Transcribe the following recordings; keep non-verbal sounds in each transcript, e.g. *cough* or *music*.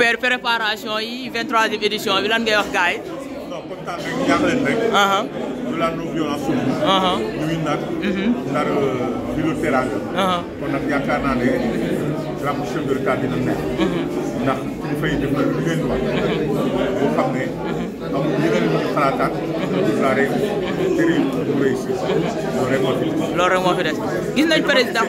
per preparation yi 23e édition bi lan ngay wax gars yi. non kontaan rek ñaax leen rek. ñu laal nu violence suñu. ñu ngi nag. nar philothérapie. kon nag yaakaar naa ne la chef de l'État dina nekk. Mm-hmm. ndax li fay def na lu leen wax. Mm-hmm. boo xam ne mm-hmm. amul yeneen yu ñu xalaataat. la rek kër yi mu réussir. loolu rek moo fi des. loolu rek moo fi des gis nañ président.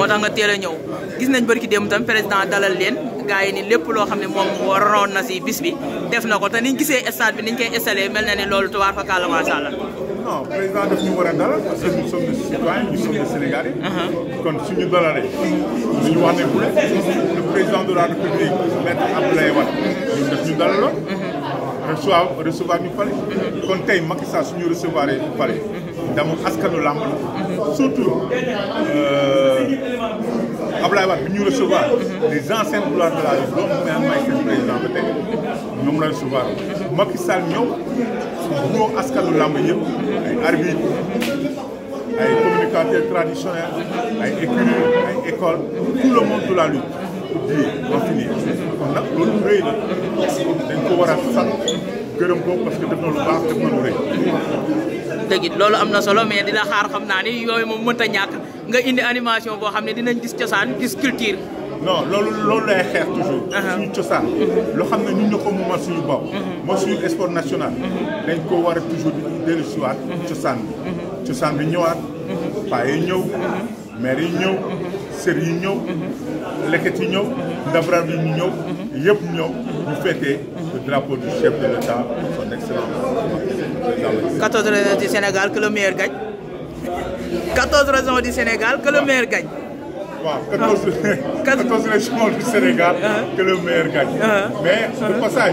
moo tax nga teel ñëw gis nañ bërki démb tam président dalal leen gars yi ni lépp loo xam ne moom waroon na si bis bi def na ko te niñ gisee stade bi niñ koy installé mel na ni loolu tubaar fa kàlla macha allah non président daf ñu war a dalal parce que nous sommes des uh-huh. kon suñu dalalee ñu wax ne bu la République maître Abdoulaye Wade ñun daf ñu dalaloon uh-huh. recevoir recevoir ñu pare uh-huh. kon tey Macky suñu recevoir pare ndamu askanu làmb la surtout euh, nous recevoir les anciens couleurs de la lutte doomu Mère Mbaye seen président ba tey ñoom la recevoir Macky Sall ñëw ñoo askanu làmb yëpp arbitre ay communicateurs traditionnels ay écuries ay écoles tout le monde de la lutte pour dire en finir kon nag loolu rëy na dañ ko war a gërëm ko parce def na lu baax def na lu rëy. dëgg loolu am na solo mais dina xaar xam naa ni yooyu moom mënta ñàkk nga indi animation boo xam ne dinañ gis cosaan gis culture. non loolu loolu lay xeex toujours. Uh-huh. suñu cosaan. Uh-huh. loo xam ne ñun ñoo ko moomal suñu bopp. Uh-huh. mooy suñu sport national. dañ ko war a toujours di dellu cosaan bi. cosaan bi ñëwaat. paa yi ñëw. maire ñëw. C'est yi ñëw est yi la ndabram yi ñu fêter le drapeau du chef de l'État son excellence 14 raisons du Sénégal que le meilleur gagne 14 raisons du Sénégal que le meilleur gagne 14 ah. *laughs* raisons du Sénégal ah. que le meilleur gagne ah. mais le passage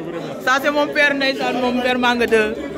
ça c'est mon père ndeysaan moom père Manga 2